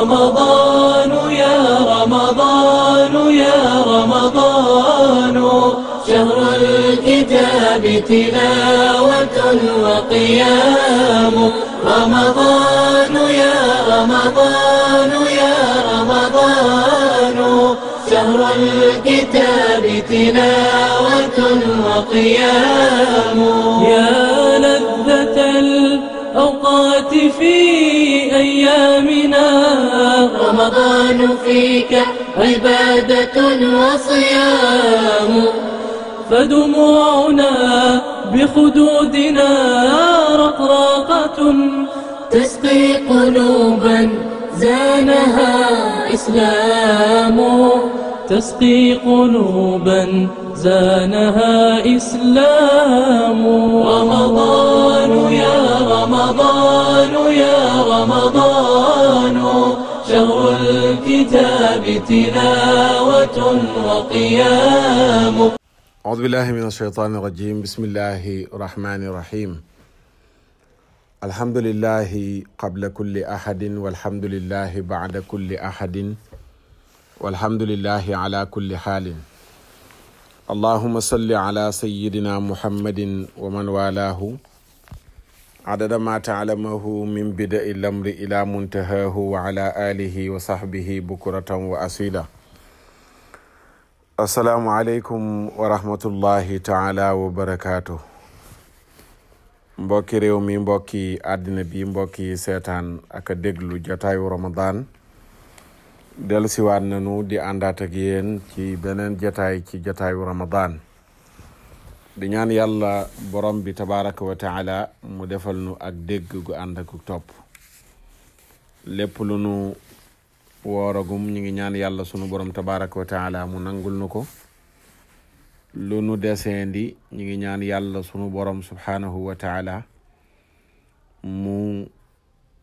رمضان يا رمضان يا رمضان شهر الكتاب تلاوة وقيام رمضان يا رمضان يا رمضان شهر الكتاب تلاوة وقيام يا لذة الأوقات في أيام رمضان فيك عبادة وصيام فدموعنا بخدودنا رقراقة تسقي قلوبا زانها إسلام تسقي قلوبا زانها إسلام رمضان يا رمضان يا رمضان دهر الكتاب تلاوة وقيام أعوذ بالله من الشيطان الرجيم بسم الله الرحمن الرحيم الحمد لله قبل كل أحد والحمد لله بعد كل أحد والحمد لله على كل حال اللهم صل على سيدنا محمد ومن والاه adada ma taalamahu min bida'i lamri ila muntahahu wa ala alihi wa sahbihi bukuratan wa asila taala wa mbokki réew mi mbokki àddina bi mbokki seetaan ak déglu jotaayu ramadan dellusiwaat nanu di àndaat ak ci beneen jotaay ci jotaayu di ñaan yàlla borom bi tabaraka wa mu defal nu ak dégg gu ànd ak topp lépp lu nu wooragum ñu ngi ñaan yàlla sunu borom tabaraka wa mu nangul nu ko lu nu desendi ñu ngi ñaan yàlla sunu borom subhaanahu wa taala mu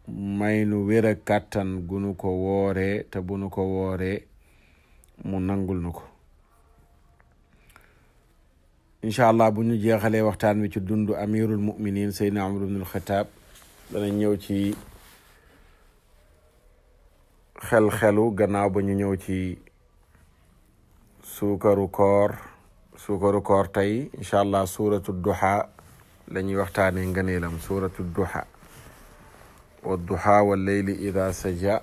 may nu wér a kàttan gunu ko wooree te bu nu ko wooree mu nangul nu ko incha allah bu ñu jeexalee waxtaan wi ci dundu amir muminin seydna amar ibnul xataab danañ ñëw ci xel-xelu gannaaw ba ñu ñëw ci suukaru koor suukaru koor tey incha allah suratu duha la ñuy waxtaanee ngëneelam suratu duha wa duha wa leyli ida saja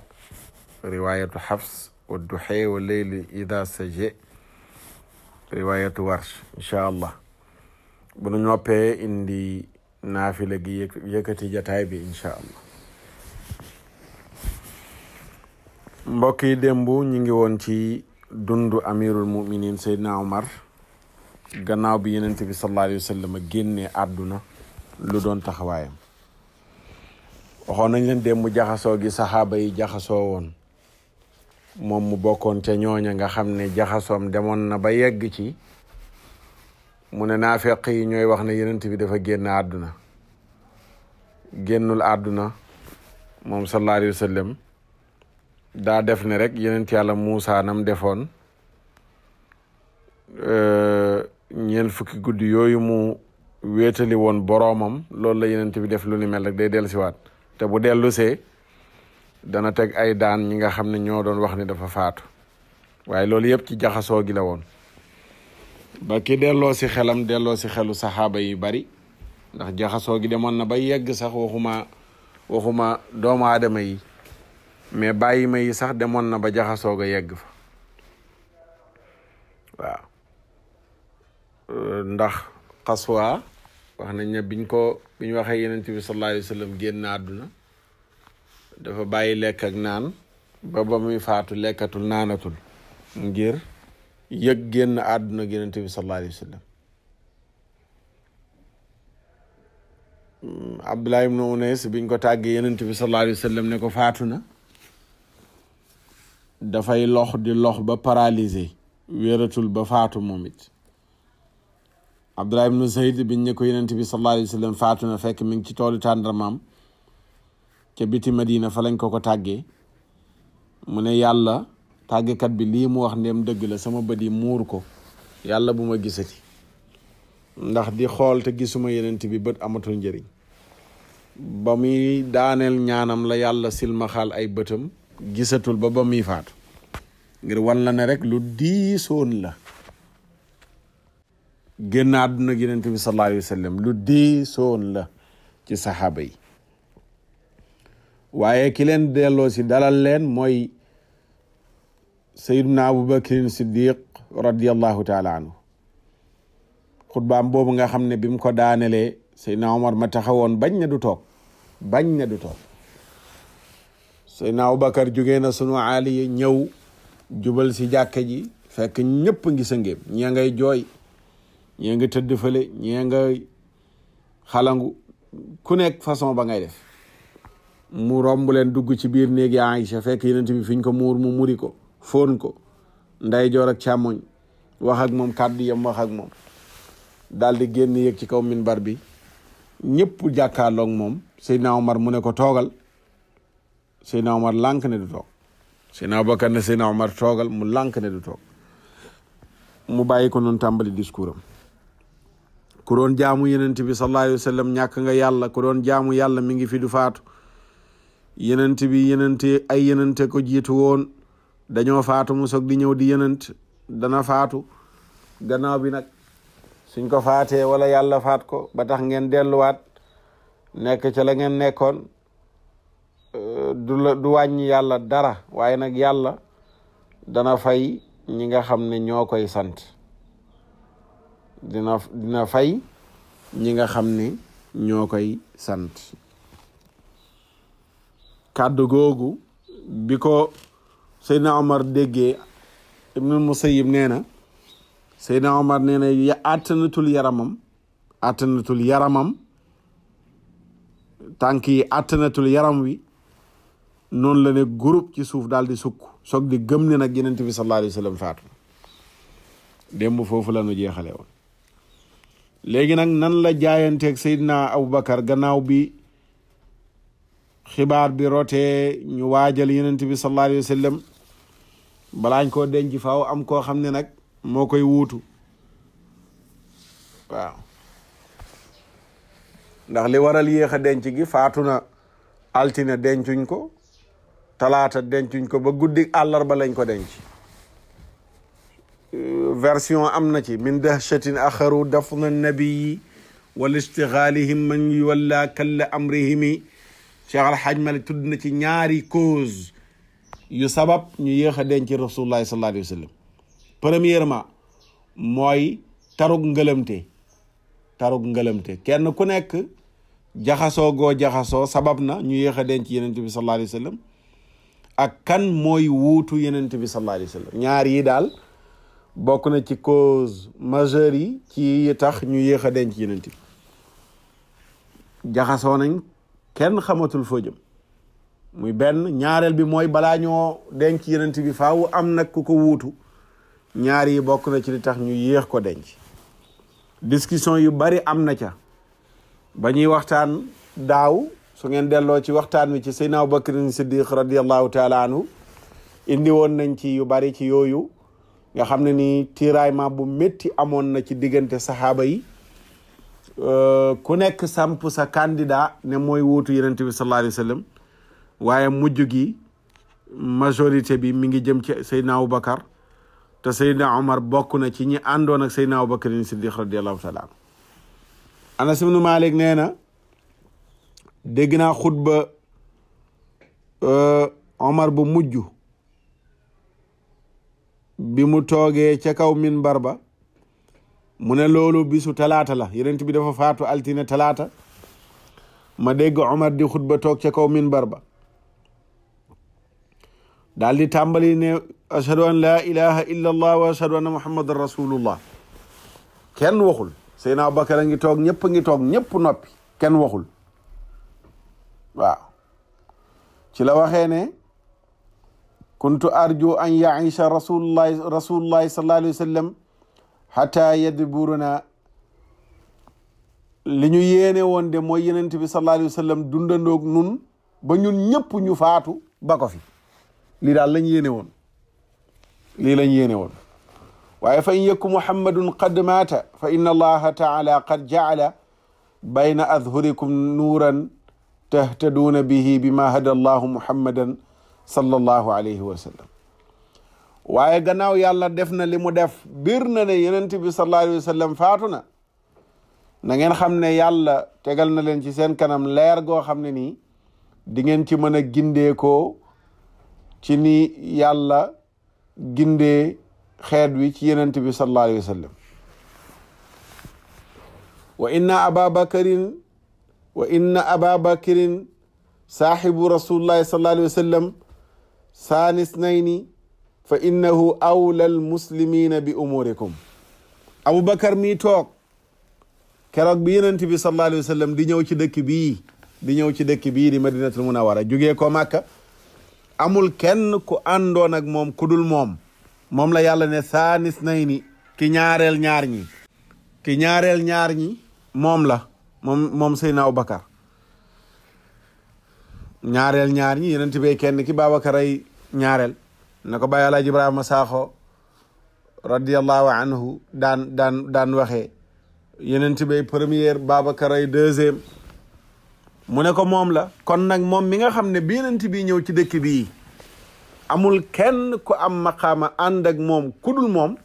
riwayatu xafs wa duxe wa leyli ida saje riwaayatu warsh incha allah bu nu indi naafila gi yëkkati jataay bi incha allah mbokk yi démb ñu ngi woon ci dundu amirul muminin seydna omar gannaaw bi yenent bi sallallahu àdduna lu doon taxawaayam waxoon gi saxaaba yi jaxasoo moom mu bokkoon ca ñooña nga xam ne jaxasoom demoon na ba yegg ci mu ne naafeq yi ñooy wax ne yonent bi dafa génn àdduna génnul àdduna moom sallallahu alayhi wa daa def ne rek yonent yàlla Muusaa nam defoon euh, ñeen fukki guddi yooyu mu wéetali woon boroomam loolu la yonent fi def lu ni mel rek day dellusiwaat te bu dellusee dana teg ay daan ñi nga xam ne ñoo doon wax ni dafa faatu waaye loolu yëpp ci jaxasoo gi la woon ba ki delloo si xelam delloo si xelu saxaaba yi bari ndax jaxasoo gi demoon na ba yegg sax waxuma waxuma doomu aadama yi mais bàyyi ma yi sax demoon na ba jaxasoo ga yegg fa waaw ndax xaswa wax nañ ne biñ ko biñ waxee yenent bi sallallahu alayhi wa sallam génn àdduna dafa bàyyi lekk naan ba ba muy faatu lekkatul naanatul ngir yëg génn àdduna yonent bi sallallahu alayhi wa sallam mm, Abdullah ibn biñ ko tàggee yonent bi sallallahu alayhi wa ne ko faatu na dafay lox di lox ba paralysé wératul ba faatu moom it Abdullah ibn Zayd biñ ne ko yonent bi sallallahu alayhi wa sallam na fekk mi ngi ci toolu mam ca biti Madina fa lañ ko ko tàggee mu ne yàlla tàggekat bi lii mu wax ndem dëgg la sama bët yi muur ko yàlla bu ma gisati ndax di xool te gisuma yenent bi bët amatul njariñ ba muy daaneel ñaanam la yàlla silmaxal ay bëtam gisatul ba ba muy faatu ngir wan ne rek lu diisoon la génn àdduna yenent bi sallallahu alayhi wa sallam lu diisoon la ci saxaaba yi waaye ki leen delloo si dalal leen mooy sayyiduna abubakrin siddiq radiallahu taala anhu xutbaam boobu nga xam ne bi mu ko daanelee sayyidna omar ma taxawoon bañ na du toog bañ na du toog sayyidna abubakar jógee na sunu aali ñëw jubal si jàkka ji fekk ñëpp ngi sa ngéem ngay jooy ñee nga tëdd fële ñee nga xalangu ku nekk façon ba ngay def mu romb leen dugg ci biir néegi Aïcha fekk yenent bi fiñ ko muur mu muri ko fóon ko nday joor ak càmmoñ wax moom kàddu yam wax ak moom daal di génn yéeg ci kaw minbar bi ñëpp jàkkaarloog moom Seydina Omar mu ne ko toogal Seydina mar lànk ne du toog Seydina Abubakar ne Seydina Omar toogal mu lànk ne du toog mu bàyyi ko noon tàmbali discours am ku doon jaamu yenent bi sallallahu alayhi wa sallam ñàkk nga yàlla ku doon jaamu yàlla mi ngi fi du faatu yenent bi yenente ay yenente ko jiitu woon dañoo faatu mu soog ñëw di yenent dana faatu gannaaw bi nag suñ ko faatee wala yàlla faat ko ba tax ngeen delluwaat nekk ca la ngeen nekkoon euh, du la du wàññi yàlla dara waaye nag yàlla dana fay ñi nga xam ne ñoo koy sant dina dina fay ñi nga xam ne ñoo koy sant kàddu googu bi ko Seydina Omar déggee Ibnul Musayyib nee na Seydina Omar nee na ya àttanatul yaramam àttanatul yaramam tànk yi àttanatul yaram wi noonu la ne groupe ci suuf daal di sukk soog di gëm ne nag Yonent bi sallallahu alayhi wa sallam faatu démb foofu la nu jeexale woon léegi nan la jaayanteeg Seydina Aboubacar gannaaw bi xibaar bi rotee ñu waajal yenent bi sallallahu alayhi wa sallam balaañ koo denc faaw am koo xam ne nag moo koy wuutu waaw ndax li waral yéex a denc gi faatu na altine dencuñ ko talaata dencuñ ko ba guddi àllarba lañ ko denc euh, version am na ci min dahshatin axaru dafna nabiyi wal istixaalihim man yuwalla kalla amrihimi Cheikh Al ma Malick tudd na ci ñaari cause yu sabab ñu yéex a denc rasulullahi sallallahu alayhi premièrement mooy tarug ngëlëmte tarug ngëlëmte kenn ku nekk jaxasoo goo jaxasoo sabab na ñu yéex a denc yenent bi sallallahu alayhi ak kan mooy wuutu yenent bi sallallahu alayhi wa sallam yi daal bokk na ci cause majeure yi ci tax ñu yéex a denc yenent jaxasoo nañ kenn xamatul foo jëm muy benn ñaareel bi mooy balaa ñoo denc yenent bi faawu am nag ku ko wuutu ñaari yi bokk na ci li tax ñu yéex ko denc discussion yu bari am na ca ba ñuy waxtaan daaw su ngeen delloo ci waxtaan wi ci Seydina Abubakrin Siddiq radiallahu taala anhu indi woon nañ ci yu bari ci yooyu nga xam ne ni tiraillement bu métti amoon na ci diggante saxaaba yi Euh, ku nekk samp sa candidat ne mooy wuutu yonent bi sallallahu alayhi wa waaye mujj gi majorité bi mi ngi jëm ci Seydina Aboubacar te Seydina Omar bokk na ci ñi àndoon ak Seydina Aboubacar in Siddiq radiyallahu taala anhu Anas ibnu Malik nee na dégg ba xutba euh, Omar bu mujj bi mu toogee ca kaw minbar ba mu ne loolu bisu talaata la yonent bi dafa faatu altine talaata ma dégg Omar di xutba toog ca kaw minbar ba daal di tàmbali ne ashhadu an laa ilaha illa allah wa ashhadu anna muhammadan rasulullah kenn waxul Seydina ngi toog ñëpp a ngi toog ñëpp noppi kenn waxul waaw la waxee ne kuntu arju an yaisha rasulullahi rasulullahi sallallahu alayhi xata yadburuna li ñu yéene woon de mooy yenent bi sallallahu alayhi wa sallam dundandoog nun ba ñun ñëpp ñu faatu ba ko fi lii daal lañ yéene woon lii lañ yéene waaye fa in yakku muhammadun qad maata fa inna allaha taala qad jaala bayna adhurikum nuuran tahtaduuna bihi bima hada allahu muhammadan sallallahu alayhi wa waaye gannaaw yàlla def na li mu def biir na ne yonent bi sallallahu alayhi wa na na ngeen xam ne yàlla tegal na leen ci seen kanam leer goo xam ne nii di ngeen ci mën a gindeekoo ci ni yàlla ginde xeet wi ci yonent bi sallallahu alayhi wa sallam wa inna aba bakarin wa inna aba bakirin saaxibu rasulillahi nay ni fa innahu awla almuslimina bi umurikum aboubacar mii toog keroog bi yonent bi sallallahu alayhi di ñëw ci dëkk bi di ñëw ci dëkk bii di madinatul munawara jugee ko màkka amul kenn ku àndoon moom ku dul moom moom la yàlla ne saanis nay ni ki ñaarel ñaar ñi ki ñaareel ñaar ñi moom la moom sey Seydina Aboubacar ñaareel ñaar ñi yonent bi kenn ki Babacar ay ñaareel ne ko bàyyi alaaji ibrahima saaxo radiallahu anhu daan daan waxe waxee yeneen bay première Babacar ay deuxième mu ne ko moom la kon nag moom mi nga xam ne bi yeneen bi ñëw ci dëkk bi amul kenn ku am maqaama ànd moom kudul moom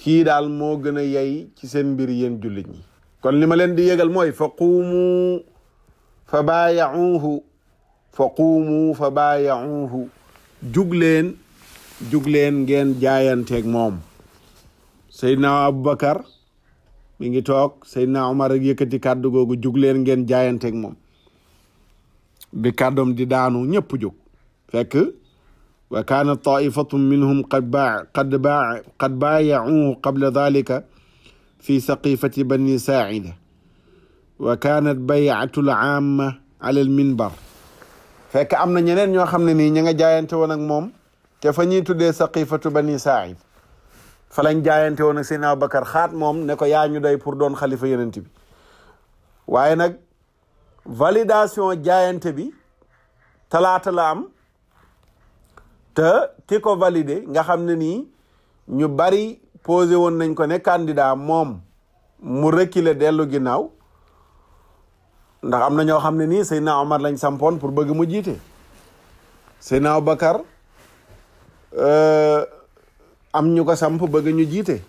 kii daal moo gën a yay ci seen mbir yéen jullit ñi kon li ma leen di yégal mooy fa quumu fa baayauhu fa quumu fa baayauhu jug leen jug leen ngeen jaayanteeg moom Seydina Aboubacar mi ngi toog Seydina Omar ak yëkkati kàddu googu jug leen ngeen jaayanteeg moom bi kàddoom di daanu ñëpp jug fekk wa kaana taifatun minhum qad baa qad baa qad baayacuuhu qabla dalika fi saqifati bani saaida wa kaanat baycatu l aama ala al minbar fekk am na ñeneen ñoo xam ne nii ña nga jaayante woon moom te fa ñuy tuddee saqifatu bani saa'ib falañ lañ jaayante woon ak seen Abubakar xaat moom ne ko yaa ñu day pour doon xalifa yenent bi waaye nag validation jaayante bi talaata la am te ki ko nga xam ne nii ñu bari posé woon nañ ko ne candidat moom mu reculer dellu ginnaaw ndax am na ñoo xam ne nii Seydina Omar lañ sampoon pour bëgg mu jiite Seydina Abubakar euh, am ñu ko samp bëgg ñu jiite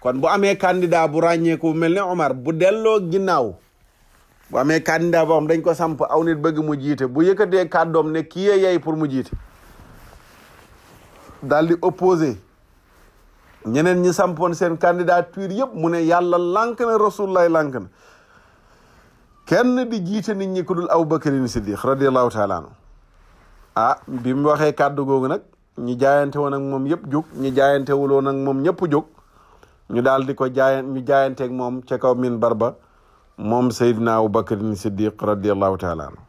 kon boo amee candidat bu ràññeeku mel ne Omar bu delloo ginnaaw bu amee candidat boo xam dañ ko samp aw nit bëgg mu jiite bu yëkkatee kàddoom ne kii yee yey pour mu jiite daldi di ñeneen ñi sampoon seen candidature yëpp mu ne yàlla lank na Rasulullah lànk na kenn di jiite nit ñi ku dul Abubakarin Siddiq radiallahu taala anhu ah bi mu waxee kàddu googu nag ñi jaayante woon ak moom yëpp jóg ñi jaayante wuloon moom ñëpp jóg ñu daal di ko jaayan ñu jaayanteeg moom ca kaw min barba moom Seydina Abubakarin Siddiq radiallahu taala anhu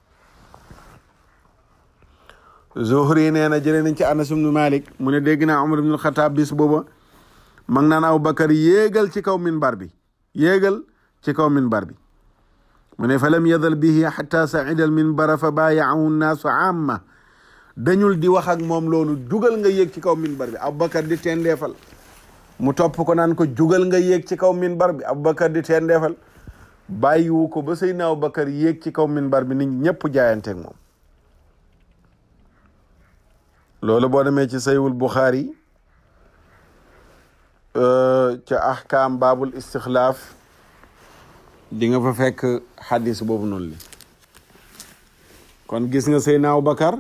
Zuhri nee na jëlee nañ ci Anas ibnu Malik mu ne dégg naa Umar ibnul Xataab bis booba mag naan Abubakar yéegal ci kaw minbar bi yéegal ci kaw minbar bi mu ne fa lam yadal bihi xata saida al minbara fa baayaahu nnaasu amma dañul di wax ak moom loolu jugal nga yéeg ci kaw minbar bi aboubacar di teen deefal mu topp ko naan ko jugal nga yéeg ci kaw minbar bi aboubacar di teen deefal bàyyiwu ko ba Seydina Aboubacar yéeg ci kaw minbar bi nit ñëpp jaayanteeg moom loolu boo demee ci saywul Buxaari euh, ca ahkaam baabul istixlaaf dinga nga fa fekk xadis boobu noonu li kon gis nga Seydina bakar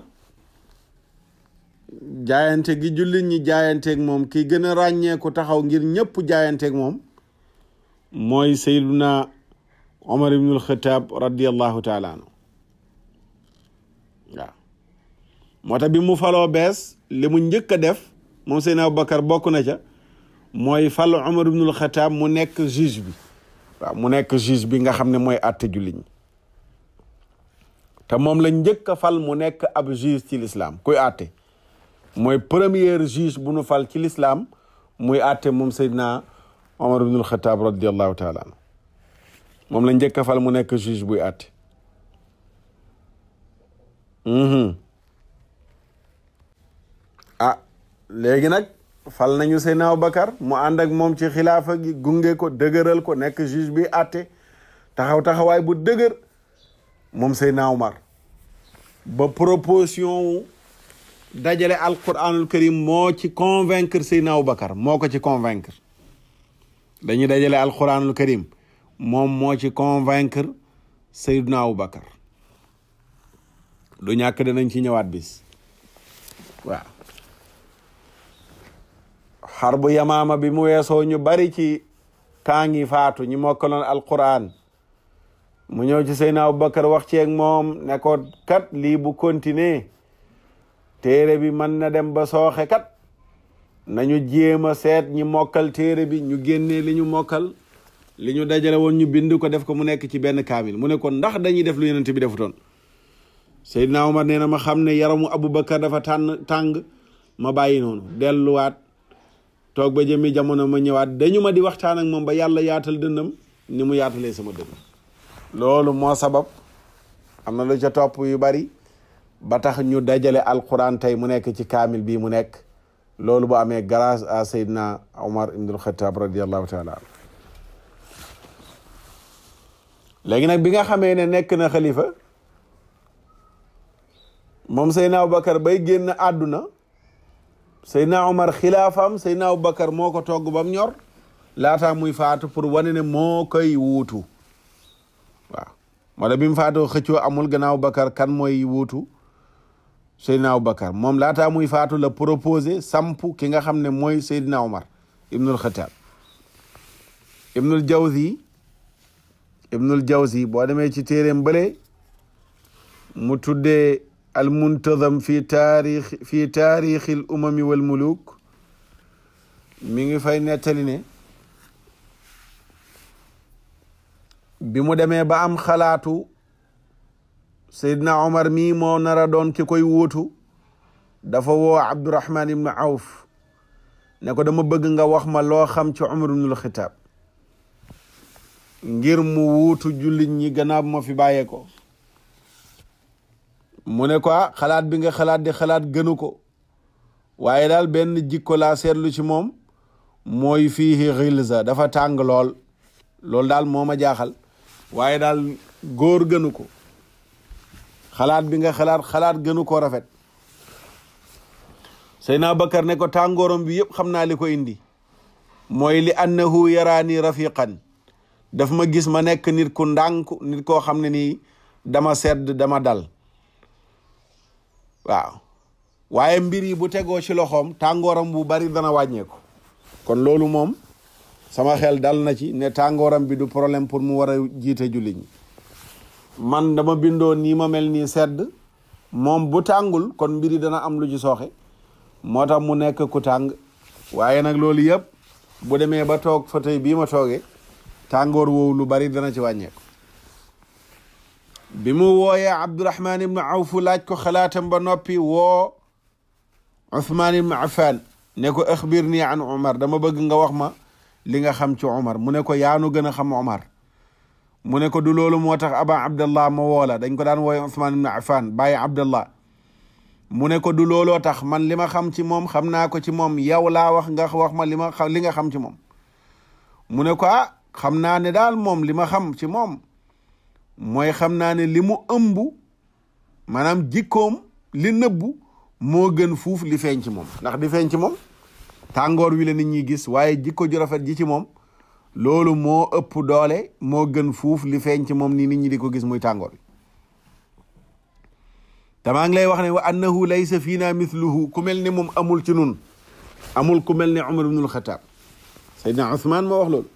jaayante gi jullit ñi jaayanteeg moom ki gën a ràññeeku taxaw ngir ñëpp jaayanteeg moom mooy Seydina Omar ibnul Xataab radiallahu taala moo tax bi mu falo bees li mu njëkk a def moom Seydina Abubakar bokk na ca mooy fal Omar ibnul Xataab mu nekk juge bi waaw mu nekk juge bi nga xam ne mooy àtte julli ñi te moom la njëkk a fal mu nekk ab juge ci lislaam koy atte mooy premier juge bu nu fal ci lislaam muy àtte moom Seydina Omar ibnul Xataab radiallahu taala moom la njëkk a fal mu nekk juge buy àtte ah léegi nag fal nañu Seydina Aboubacar mu ànd ak moom ci xilaafa gi gunge ko dëgëral ko nekk juge bi àtte taxaw taxawaay bu dëgër moom Seydina Omar ba proposition wu dajale alquranul karim moo ci ko ci convaincre dajale alquranul karim moom moo ci convaincre Seydina Aboubacar du ñàkk danañ ci ñëwaat bis xarbu yamaama bi mu weesoo ñu bari ci tàngi faatu ñi mokkaloon alquran mu ñëw ci Seydina Abubakar wax ceeg moom ne kat lii bu continuer téere bi mën na dem ba sooxe kat nañu jéem a seet ñi mokkal téere bi ñu génnee li ñu mokkal li ñu dajale woon ñu bind ko def ko mu nekk ci benn kaamil mu nekkoon ndax dañuy def lu yenent bi defutoon Seydina Omar nee na ma xam ne yaramu Abubakar dafa tànn tàng ma bàyyi noonu delluwaat toog ba jëmi jamono ma ñëwaat dañu ma di waxtaan ak moom ba yàlla yaatal dënnam ni mu yaatalee sama dënn loolu moo sabab am na lu ca topp yu bari ba tax ñu dajale alquran tey mu nekk ci kaamil bii mu nekk loolu bu amee grâce à Seydina Omar ibnul Xataab radiallahu taala anhu léegi nag bi nga xamee ne nekk na xalifa moom Seydina Abubakar bay génn àdduna Seydina Omar xilaafaam Seydina Aboubacar moo ko togg bam ñor laataa muy faatu pour wane ne moo koy wuutu waaw wala bi mu faatoo xëccoo amul kan mooy wuutu Seydina Aboubacar moom laataa muy faatu la proposé samp ki nga xam ne mooy Seydina Omar Ibnul Xataab Ibnul Jawzi Ibnul Jawzi boo demee ci téeréem bële mu tuddee almuntazam fi taarix fi taarixi l umami wal muluk mi ngi fay nettali ne bi mu demee ba am xalaatu Seydina Omar mii moo nar a doon ki koy wuutu dafa woo Abdurahman ibnu Awf ne ko dama bëgg nga wax ma loo xam ci Omar ibnul Xitaab ngir mu wuutu jullit ñi gannaaw ma fi bàyyee ko mu ne ko ah, xalaat bi nga xalaat di xalaat gënu ko waaye daal benn jikko laa seetlu ci moom mooy fii xilsa dafa tàng lool loolu daal moo ma jaaxal waaye daal góor gënu ko xalaat bi nga xalaat xalaat gënu ko rafet Seydina Bakar ne ko tàngooram bi yëpp xam naa li ko indi mooy li annahu yaraani rafiqan daf ma gis ma nekk nit ku ndànk nit koo xam ne nii dama sedd dama dal waaw waaye mbir yi bu tegoo ci loxoom tàngooram bu bari dana wàññeeku kon loolu moom sama xel dal na ci ne tàngooram bi du problème pour mu war a jiite jullit man dama bindoo nii ma mel nii sedd moom bu tàngul kon mbir yi dana am lu ci sooxe moo tax mu nekk ku tàng waaye nag loolu yëpp bu demee ba toog fa tey bii ma toogee tàngoor woowu lu bari dana ci wàññeeku bi mu wooyee abdurahman ibnu awf laaj ko xalaatam ba noppi woo uthman ibnu affan ne ko axbir nii an omar dama bëgg nga wax ma li nga xam ci omar mu ne ko yaanu gën a xam omar mu ne ko du loolu moo tax aba abdallah ma woola dañ ko daan wooye uthman ibnu affan bàyyi abdallah mu ne ko du looloo tax man li ma xam ci moom xam naa ko ci moom yow laa wax nga wax ma li ma xam li nga xam ci moom mu ne ko ah xam naa ne daal moom li ma xam ci moom mooy xam naa ne li mu ëmb maanaam jikkoom li nëbbu moo gën fuuf li feeñ ci moom ndax di feeñ ci moom tàngoor wi la nit ñi gis waaye jikko ju rafet ji ci moom loolu moo ëpp doole moo gën fuuf li feeñ ci moom ni nit ñi di ko gis muy tàngoor wi tamaa ngi lay wax ne wa annahu laysa fii naa mithluhu ku mel ni moom amul ci nun amul ku mel ne Umar ibnul Xataab Seydina Ousmane moo wax loolu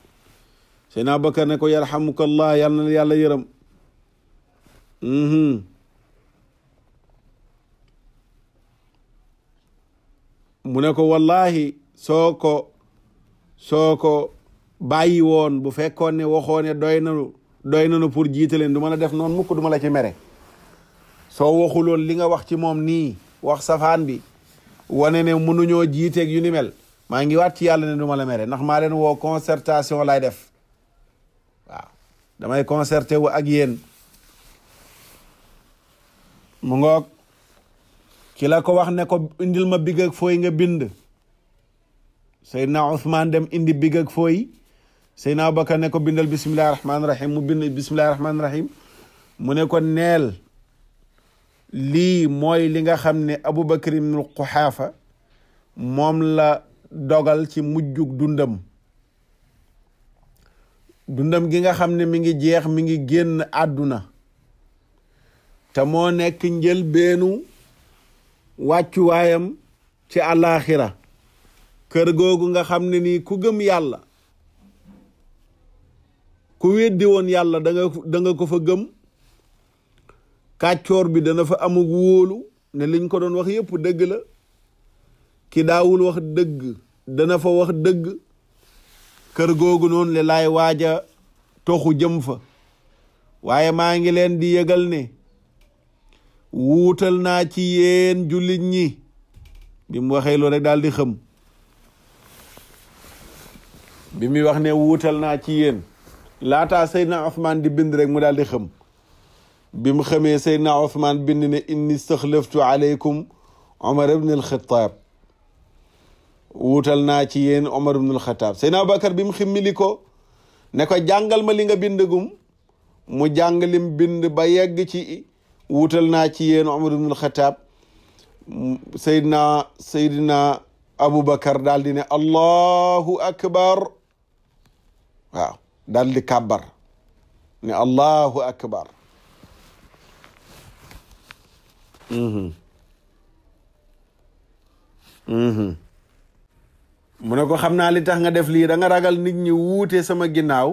Seydina Bakar ne ko yarhamukallah yàlla na yàlla yërëm Mm-hmm. mu ne ko wallahi soo ko soo ko bàyyi woon bu fekkoon ne waxoo ne doy nanu doy nanu pour jiite leen du ma la def noonu mukk du la ci mere soo waxuloon li nga wax ci moom nii wax safaan bi wane ne mënuñoo jiiteeg yu ni mel maa ngi waat ci yàlla ne du ma la mere ndax maa leen woo concertation lay def waaw damay concerté wu ak yéen mu ngoog ki la ko wax ne ko indil ma big ak nga bind Seydina Ousmane dem indi big ak fooy Seydina Abubakar ne ko bindal bismillahi rahmaani rahim mu bind bismillahi rahmaani ne ko neel lii mooy li nga xam ne Abubakar ibnul Quhaafa moom la dogal ci mujjug dundam dundam gi nga xam ne mi ngi jeex mi ngi génn àdduna te moo nekk njëlbeenu wàccuwaayam ci àllaaxira kër googu nga xam ne nii ku gëm yàlla ku weddi woon yàlla danga nga ko fa gëm kàccoor bi dana fa amug wóolu ne liñ ko doon wax yépp dëgg la ki daawul wax dëgg dana fa wax dëgg kër googu noonu le laay waaja toxu jëm fa waaye maa ngi leen di yëgal ne wuutal naa ci yéen ñi bi mu waxee loolu rek daal di xëm bi muy wax ne wuutal naa ci yéen laataa Seydina Ousmane di bind rek mu daal di xëm bi mu xamee Seydina Ousmane bind ne inni staxlaftu aleykum Omar ibn al-Khattab wuutal naa ci yéen Omar ibn al-Khattab Seydina Abubakar bi mu ximmili ko ne ko jàngal ma li nga bindagum mu jàng lim bind ba yegg ci wutal naa ci yéen Umar ibnul Xataab Seydina Seydina Aboubacar daal ne Allahu akbar waaw daal di kàbbar ne Allahu akbar mhm. Mhm. mu ne ko xam naa li tax nga def lii da nga ragal nit ñi wuute sama ginnaaw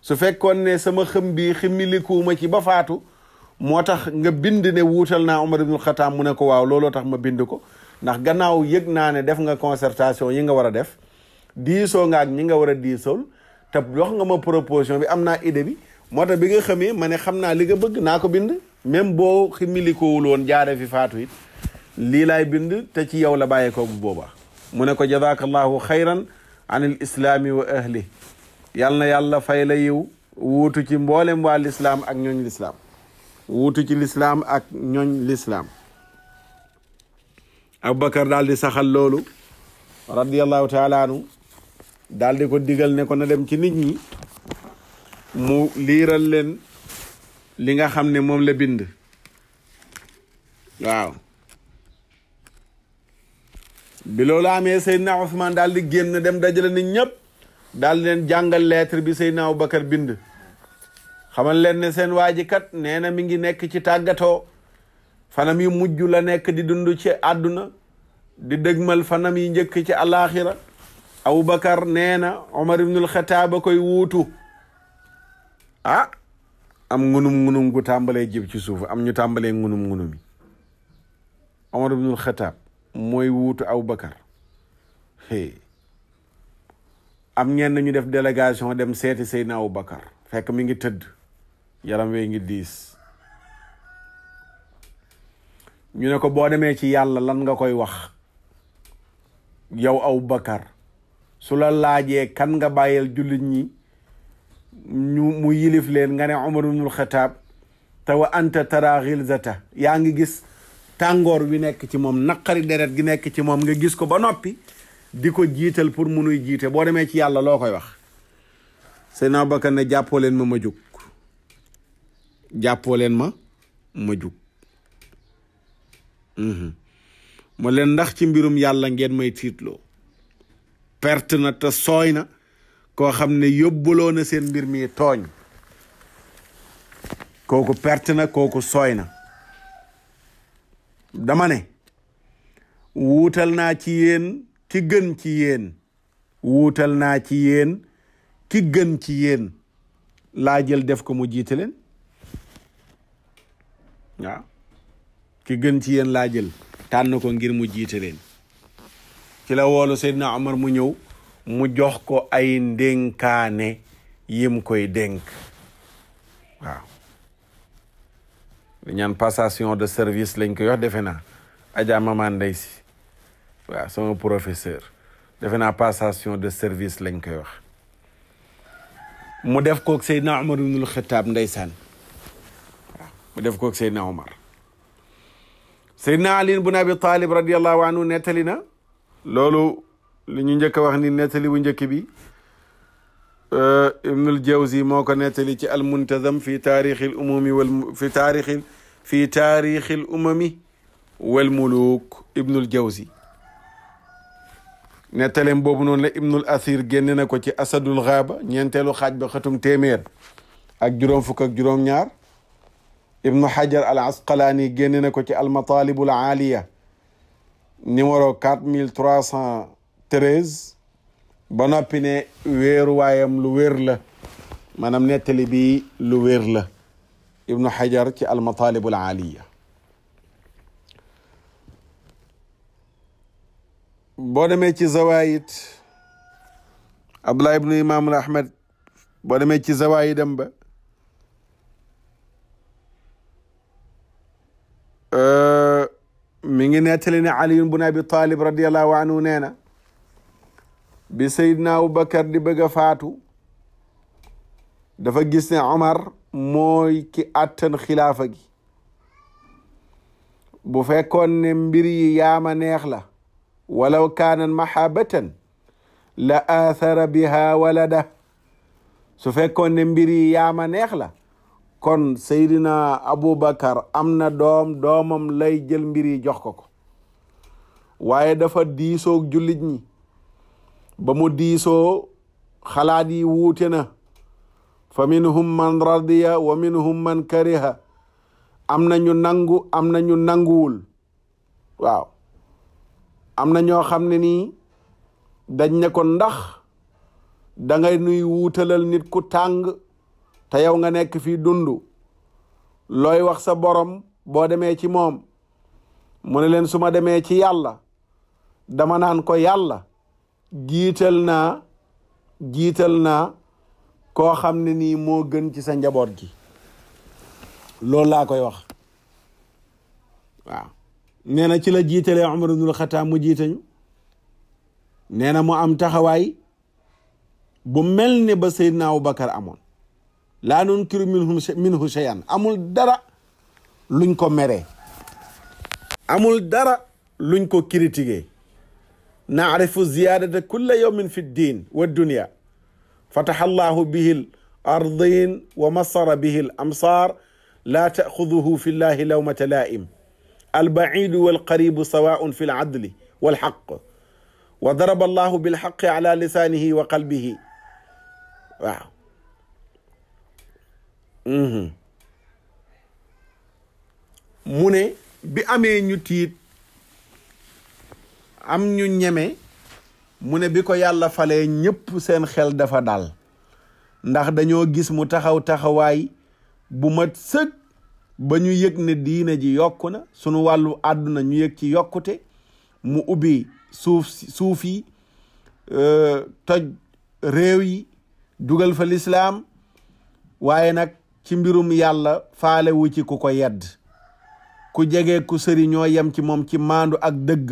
su fekkoon ne sama xëm bi ximmi likuuma ci ba faatu moo tax nga bind ne wuutal naa Omar ibnul mu ne ko waaw looloo tax ma bind ko ndax gannaaw yëg naa ne def nga concertation yi nga war a def diisoo nga ak ñi nga war a diisool te wax nga ma proposition bi am naa idée bi moo tax bi nga xamee ma ne xam naa li nga bëgg naa ko bind même boo ximilikowul woon jaare fi faatu it lii laay bind te ci yow la bàyyeekoo bu boobaa mu ne ko jazakallahu xayran an il islaami wa ahli yal na yàlla fay la wuutu ci mboolem waa lislaam ak ñooñ lislaam wutu ci lislaam ak ñooñ lislaam aboubacar daal di saxal loolu radiallahu taala anu ko digal ne ko na dem ci nit ñi mu liiral leen li nga xam ne moom la bind waaw bi loolu amee Seydina Ousmane daal di génn dem dajale nit ñëpp daal di leen jàngal lettre bi Seydina Aboubacar bind xamal leen ne seen waa ji kat nee na mi ngi nekk ci tàggatoo fanam yu mujj la nekk di dund ci àdduna di dëgmal fanam yi njëkk ci alaaxira Aboubacar nee na Omar ibnul Xataab a koy wuutu ah am ngunum ngunum gu ci suuf am ñu tàmbalee ngunum ngunum yi Omar ibnul Xataab mooy wuutu Aboubacar hey am ñu def délégation dem seeti Seydina Aboubacar fekk mi ngi tëdd yaram we ngi diis ñu ne ko boo demee ci yàlla lan nga koy wax yow aw bakar su la laajee kan nga bàyyel jullit ñi ñu mu yilif leen nga ne Umar ibnul Xataab te wa anta tara xilzata yaa ngi gis tàngoor wi nekk ci moom naqari deret gi nekk ci moom nga gis ko ba noppi di ko jiital pour munuy jiite boo demee ci yàlla loo koy wax Seydina Abubakar ne jàppoo leen ma ma jóg jàppoo ma ma jug mhm. ma leen ndax ci mbirum yàlla ngeen may tiitloo perte na te sooy na koo xam ne yóbbaloo na seen mbir mi tooñ kooku perte na kooku sooy na dama ne wuutal naa ci yéen ki gën ci yéen wuutal naa ci yéen ki gën ci yéen laa def ko mu jiite leen waaw ki gën ci yéen laa jël tànn ko ngir mu jiite leen ci la woolu Seydina Omar mu ñëw mu jox ko ay ndénkaane yim koy dénk waaw ñaan passation de service lañ ko yox defe naa Adja Mama waaw sama professeur defe naa passation de service lañ koy wax mu def koog Seydina Omar ibnul Xataab ndeysaan mu def ko ak Seydina Omar Seydina Ali bun Abi Talib radiallahu anhu nettali na loolu li ñu njëkk a wax ni nettali bu njëkk bi Ibnul Jawzi moo ko nettali ci almuntazam fi taarixil umumi wal fi taarixil fi taarixil umami wal muluk Ibnul Jawzi nettaleem boobu noonu la Ibnul Asir génne na ko ci Asadul Xaaba ñeenteelu xaaj ba xatum téeméer ak juróom fukk ak juróom-ñaar. ibnu hajar al asqalaani génne na ko ci almatalibul aaliya numéro quatre mille trois cent treize ba noppi ne wéeruwaayam lu wér la maanaam nettali bi lu wér la ibnu hajar ci almatalibul aaliya boo demee ci zawaayit abdullah ibnu imaamul ahmad boo demee ci zawaayidam ba Euh, mi ngi nettali ne aliyun bun abi talib radiallahu anhu nee na bi sayidna abubakar di bëgg a faatu dafa gis ne omar mooy ki attan xilaafa gi bu fekkoon ne mbir yi yaama neex la walaw kaanan mahabatan la athara biha walada su fekkoon ne mbir yi yaama neex la kon seydina abubakar am na doom doomam lay jël mbir yi jox ko ko waaye dafa diisoog jullit ñi ba mu diisoo xalaat yi wuute na fa minhum man radiya wa minhum man kariha am na ñu nangu am na ñu nanguwul waaw am na ñoo xam ne nii dañ ne ko ndax da ngay nuy wuutalal nit ku tàng te yow nga nekk fii dund looy wax sa borom boo demee ci moom mu ne leen su ma demee ci yàlla dama naan ko yàlla jiital naa jiital naa koo xam ne nii moo gën ci sa njaboot gi loolu laa koy wax waaw nee na ci la jiitalee Umar ibnul Xataab mu jiitañu nee na mu am taxawaay bu mel ni ba Seydina Abubakar amoon laa nunkiru minhum minhu shay'an amul dara luñ ko meree amul dara luñ ko critiqué naarifu ziyadata kulla yawmin fi ddin wa dunya fataha allahu bihi l ardin wa masara bihi l amsar laa taaxuduhu fi llahi lawmata laa'im albacidu walqaribu sawaun fi ladli walxaq wa daraba allahu bilxaqi ala lisaanihi wa qalbihi waaw Mm-hmm. mu ne bi amee ñu tiit am ñu ñeme mu ne bi ko yàlla falee ñëpp seen xel dafa dal ndax dañoo gis mu taxaw taxawaay bu mat sëg ba ñu yëg ne diine ji yokku na sunu wàllu àdduna ñu yëg ci yokkute mu ubbi suuf suuf euh, toj réew yi dugal fa lislaam waaye nag ci mbirum yàlla faalewu ci ku ko yedd ku jege ku sori ñoo yem ci moom ci maandu ak dëgg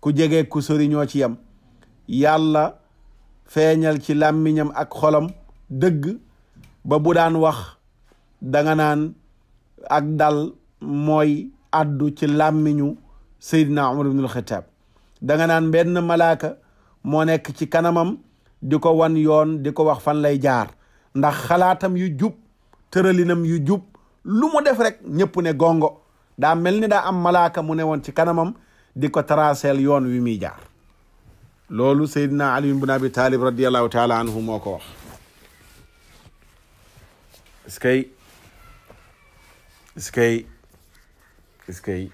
ku jege ku sori ñoo ci yem yàlla feeñal ci làmmiñam ak xolam dëgg ba bu daan wax danga naan ak dal mooy addu ci làmmiñu Seydina Umar ibnul Xataab danga naan benn malaaka moo nekk ci kanamam di ko wan yoon di ko wax fan lay jaar ndax xalaatam yu jub tërëlinam yu jub lu mu def rek ñëpp ne gongo daa mel ni daa am malaaka mu ne woon ci kanamam di ko traceel yoon wi muy jaar loolu Seydina Ali ibn Abi Talib radiallahu taala anhu moo ko wax is kay is kay is kay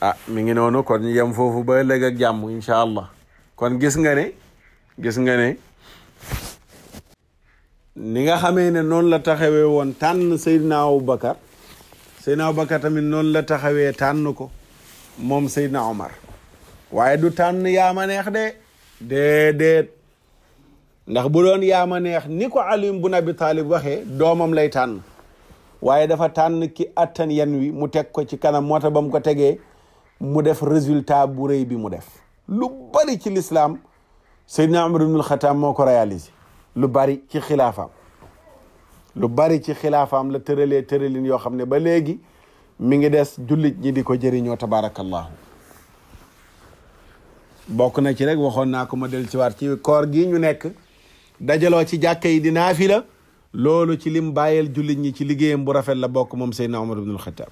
ah mi ngi noonu kon ñu yem foofu ba ëllëg ak jàmm incha allah kon gis nga gis nga ne ni nga xamee ne noonu la taxawee woon tànn Seydina Aboubacar Seydina Aboubacar tamit noonu la taxawee tànn ko moom Seydina Omar waaye du tànn yaama neex de déedéet ndax bu doon yaama neex ni ko Ali ibn Abi Talib waxee doomam lay tànn waaye dafa tànn ki attan yan wi mu teg ko ci kanam moo tax ba mu ko tegee mu def résultat bu rëy bi mu def lu bari ci l'islam Seydina Omar ibn al-Khattab moo ko réalisé lu bari ci xilaafaam lu bari ci xilaafaam la tëralee tëralin yoo xam ne ba léegi mi ngi des jullit ñi di ko jëriñoo tabaarakallahu bokk na ci rek waxoon naa ko ma del ci waat ci koor gi ñu nekk dajaloo ci jàkka yi di naafila loolu ci lim bàyyeel jullit ñi ci liggéeyam bu rafet la bokk moom Seydina Omar ibnul Xataab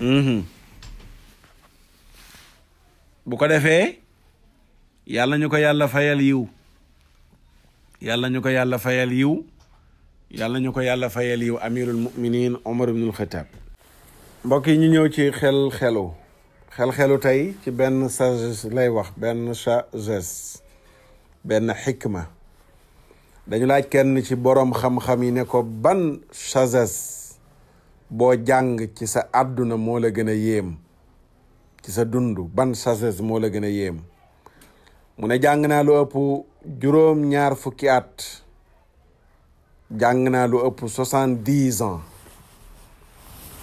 mhm. bu ko defee yàlla ñu ko yàlla fayal yiw yàlla ñu ko yàlla fayal yiw yàlla ñu ko yàlla fayal yiw amirul muminin omar ibnul xataab mbokk yi ñu ñëw ci xel xelu xel xelu tey ci benn sagesse lay wax benn sagesse benn xikma dañu laaj kenn ci boroom xam-xam yi ne ko ban sagesse boo jàng ci sa adduna moo la gën a yéem ci sa dund ban sagesse moo la gën a yéem mu ne jàng naa lu ëpp juróom ñaar fukki at jàng naa lu ëpp soixante-dix ans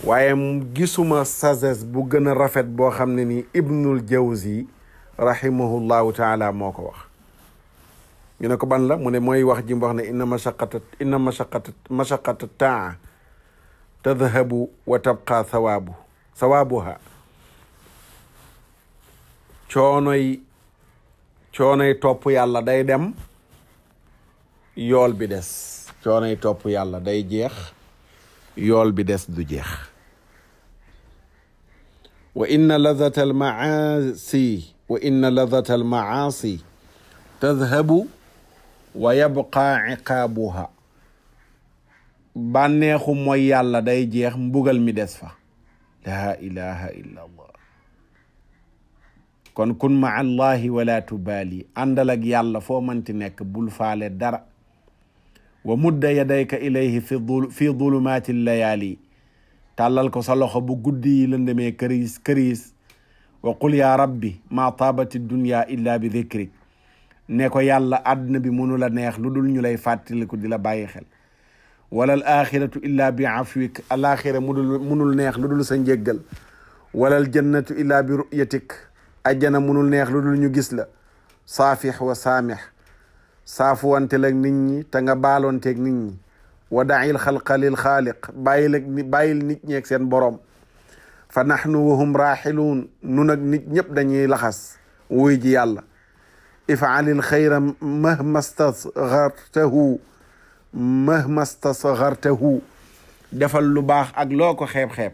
waaye gisuma sagesse bu gën a rafet boo xam ne ni Ibnul Jawzi rahimahullahu taala moo ko wax ñu ne ko ban la mu ne mooy wax ji mu wax ne inna mashaqata inna mashaqata mashaqata taa tadhabu wa tabqa sawaabu sawaabuha coonoy coonay topp yàlla day dem yool bi des coonay topp yàlla day jeex yool bi des du jeex wa inna lazata almaasi wa inna lazata almaasi tadhabu wa yabqa iqaabuha bànneexu mooy yàlla day jeex mbugal mi des fa laa ilaha illa allah kon kun ma allahi wala tubaali àndal ak yàlla foo manti nekk bul faale dara wa mudda yadayka ilayhi fi fi dulumaati layaali tàllal ko sa loxo bu guddi yi lëndëmee këriis këriis wa qul yaa rabbi maa taabati dunya illa bi dikrik ne ko yàlla àdduna bi mënu la neex lu dul ñu lay fàttaliku di la bàyyi xel wala al axiratu illa bi afwik al axira mu dul munul neex lu dul sa njéggal wala al jannatu illa bi ruyatik ajjana munul neex lu dul ñu gis la saafix wa saamix saafuwantel ak nit ñi te nga baalonteeg nit ñi wa dail xalqa lil xaaliq bàyyil ak ni bàyyil nit ñeeg seen boroom fa nahnu wahum raaxiluun nun ak nit ñëpp dañuy laxas wuy ji yàlla ifaalil xayra mahma stasgartahu mahma stasgartahu defal lu baax ak loo ko xeeb-xeeb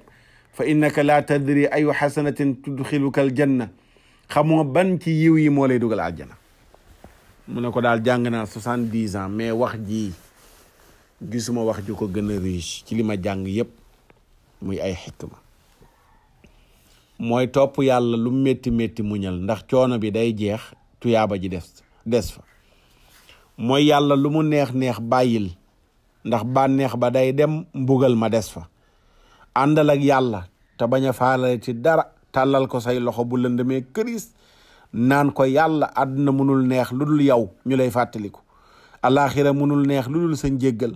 fa innaka laa tadri ayu xasanatin tudxiluka aljanna xamoo ban ci yiw yi moo lay dugal àjjana mu ne ko daal jàng naa soixante-dix ans mais wax ji gisuma wax ji ko gën a riche ci li ma jàng yépp muy ay xikma mooy topp yàlla lu métti métti muñal ndax coono bi day jeex tuyaaba ji des des fa mooy yàlla lu mu neex neex bàyyil ndax bànneex ba day dem mbugal ma des fa àndal yàlla te bañ a faale dara tàllal ko say loxo bu lëndëmee këris naan ko yàlla àdduna munul neex lu dul yow ñu lay fàttaliku alaxira munul neex lu dul sa njéggal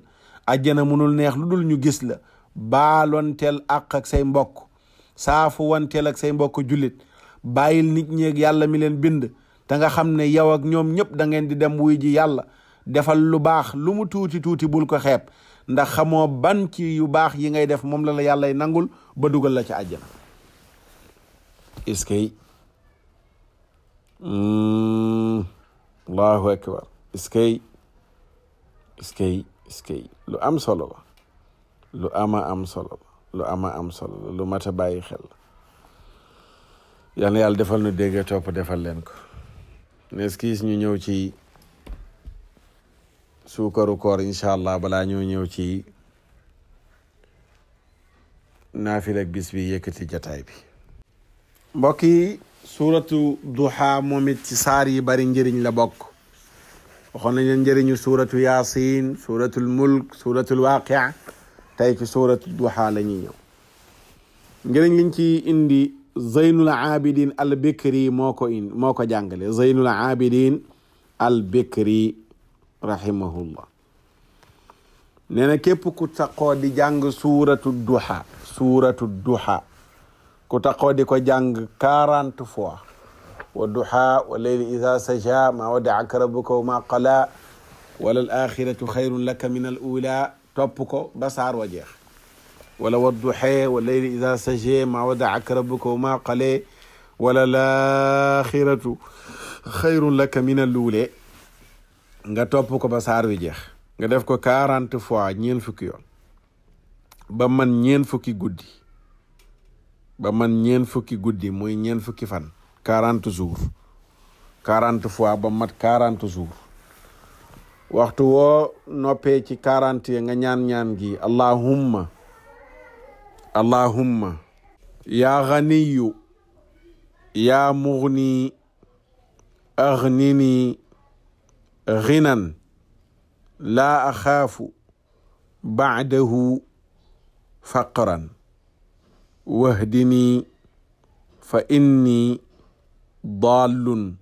ajjana munul neex lu dul ñu gis la baalonteel àq ak say mbokk saafu wanteel ak say mbokk jullit bàyyil nit ñeeg yàlla mi leen bind ta nga xam ne yow ak ñoom ñëpp dangeen di dem wuy ji yàlla defal lu baax lu mu tuuti tuuti bul ko xeeb ndax xamoo ban yu baax yi ngay def moom la la yàllay nangul ba dugal la ci àjjana iskay mm, allahu akbar iskay iskay iskay lu am solo la lu ama am solo la lu ama am solo lu mat bàyyi xel yan na yàlla defal nu dégg topp defal leen ko neskiis ñu ñëw ci suukaru koor incha allah balaa ñoo ñëw ci naafil ak bis bi yëkkati jataay bi mbokk yi suuratu duha moom it ci saar yi bari njëriñ la bokk waxoon nañ leen njëriñu suuratu yaasin suuratul mulk suuratul waaqia tey ci suuratu duha la ñuy ñëw njëriñ ci indi zeynul abidin al bikri moo ko in jàngale zeynul abidin al bikri rahimahullah nee na képp ku taqoo di jàng suuratu duha suuratu ku taxoo di ko jàng quarante fois wa duha wa leyli ida saja ma wadaaka rabuka wa ma qala wala al axiratu xayrun laka min al ula topp ko ba saar wa jeex wala wa duxee wa leyli ida saje ma wadaaka rabuka wa ma qale wala al axiratu laka min al nga topp ko ba saar wi nga def ko quarante fois ñeen fukki yoon ba man guddi ba man ñeen fukki guddi muy ñeen fukki fan quarante jours quarante fois ba mat quarante jours waxtu woo noppee ci quarante nga ñaan-ñaan gi allahumma allahumma yaa ganiyu yaa mugni aghnini ghinan laa axaafu bacdahu faqran wahdinii fa innii daallun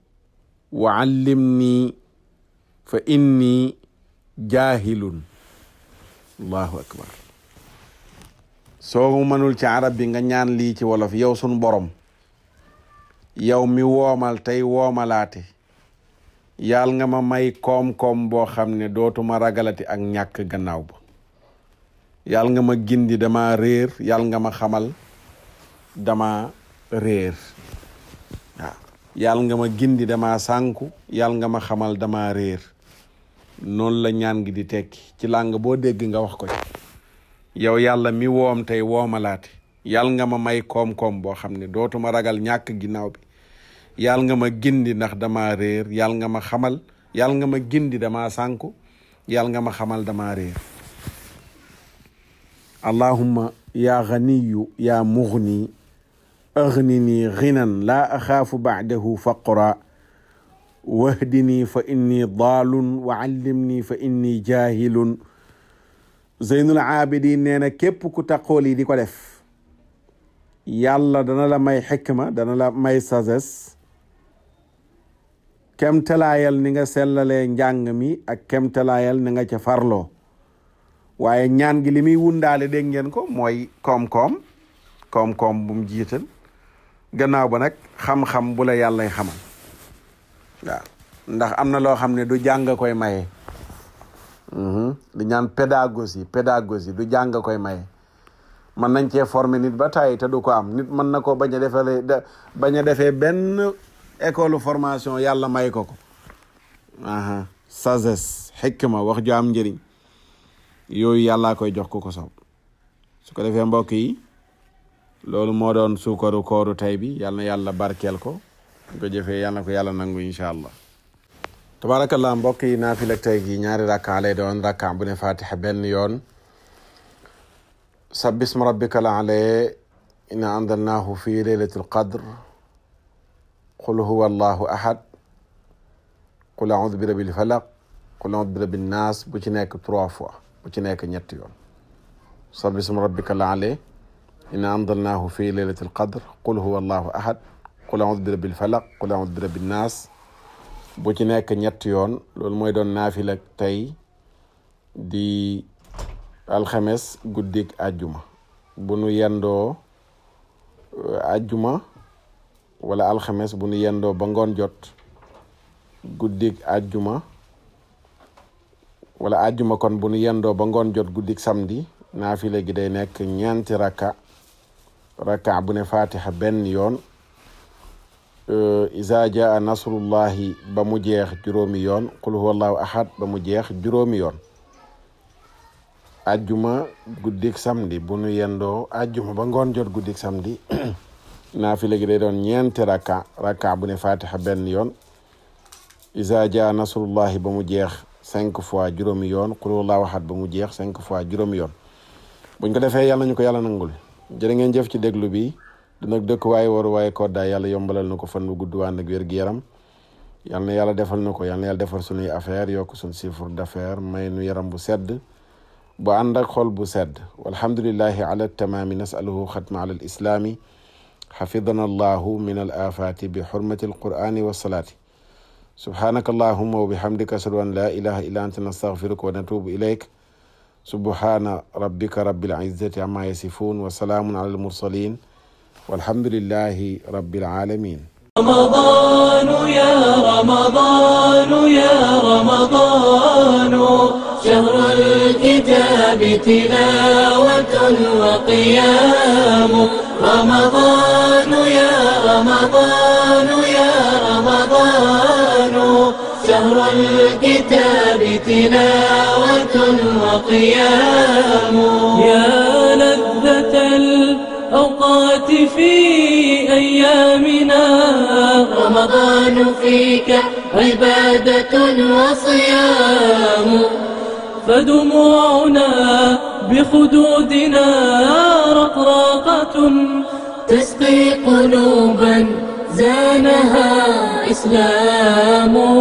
wa allimnii fa innii jaahilun allahu akbar soo mënul ci arab bi nga ñaan lii ci wolof yow sun borom yow mi woomal tey woomalaate yal nga ma may koom-koom boo xam ne dootuma ragalati ak ñàkk gannaaw ba yàll nga ma gindi dama réer yàll nga ma xamal dama réer waaw yàlla nga ma gindi dama sànku yàlla nga ma xamal dama réer noonu la ñaan gi di tekki ci làng boo dégg nga wax ko ci yow yàlla mi woom tey woomalaate yàlla nga ma may koom-koom boo xam ne dootuma ragal ñàkk ginnaaw bi yàlla nga ma gindi dama réer yàlla nga ma xamal gindi dama sànku yàlla nga ma xamal dama réer aghnini ghinan laa axaafu bacdahu faqra wahdini fa inni daalun wa allimni fa inni jaahilun zeynul aabidin nee na képp ku taqoo lii di ko def yàlla dana la may xikma dana la may sagesse kemtalaayal ni nga sellalee njàng mi ak kemtalaayal ni nga ca farloo waaye ñaan gi li muy wundaale dégg ngeen ko mooy koom-koom koom bu mu jiital gannaaw ba nag xam-xam bu la yàllay xamal waaw ndax am na loo xam ne du jàng koy maye mhm. di ñaan pédagogie pédagogie du jàng koy maye mën nañ cee former nit ba tàyyi te du ko am nit mën na ko bañ a defee bañ a defee benn école formation yàlla may ko ko aha sagesse xikma wax ju am njëriñ yooyu yàllaa koy jox ku ko soob ko defee mbokk loolu moo doon suukaru kooru tay bi yàlla barkeel ko ñu ko ko yàlla nangu incha allah tabarakallah mbokk yi naafila tey gi ñaari rakka lay doon rakka bu ne fatiha benn yoon sabbisma rabbika laale inna anzalnaahu fi laylatil qadr qul huwa allahu ahad qul audu bi qul audu bi rabbin naas bu ci nekk trois fois bu ci nekk ñetti yoon sabbisma rabbika laale inna anzalnaahu fi laylatil qadr qul huwa allahu ahad qul a'udhu bi rabbil falaq qul a'udhu bi rabbin naas bu ci nekk ñetti yoon loolu mooy doon naafila tey di alxames guddik àjjuma bu nu yendoo euh, àjjuma wala alxames bu nu yendoo ba ngoon jot guddik àjjuma wala àjjuma kon bu nu yendoo ba ngoon jot guddik samedi naafila gi day nekk ñeenti rakka raka bu ne fatiha benn yoon euh, iza jaa nasrullahi ba mu jeex juróomi yoon qul huwallahu ba mu jeex juróomi yoon ajjuma guddik samedi bu nu yendoo ajjuma ba ngoon jot guddik samedi naafila gi day doon ñeenti rakka rakka bu ne fatiha benn yoon iza jaa nasrullahi ba mu jeex cinq fois juróomi yoon qul huwallahu ba mu jeex cinq fois juróomi yoon buñ ko defee yàlla ñu ko yàlla nangul jërë ngeen jëf ci déglu bi nag dëkk waaye waru waaye koddaay yàlla yombalal na ko fan bu gudd waan ak wér-gu-yaram yal na yàlla defal na ko yal defal sunuy affaire yokk suñu chiffre d'affaires may nu yaram bu sedd bu ànd ak xol bu sedd walhamdulillahi ala tamaami nasaluhu xatma ala al islaami xafidana allahu min al afaati bi xurmati al qur'ani wa salaati subhaanaka allahumma wa bihamdika ashhadu an la ilaha illa anta nastaghfiruka wa natubu ilayk subhaana rabbika rabbil izzati amma yasifun wa salaamun ala al mursalin walhamdulillahi rabbil alamin رمضان يا رمضان يا رمضان شهر الكتاب تلاوة وقيام رمضان رمضان فيك عبادة وصيام فدموعنا بخدودنا رقراقة تسقي قلوبا زانها إسلام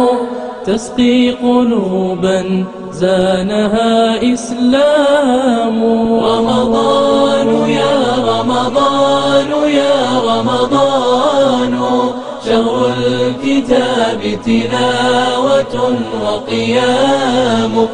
تسقي قلوبا زانها إسلام رمضان يا رمضان يا رمضان شهر الكتاب تلاوة وقيام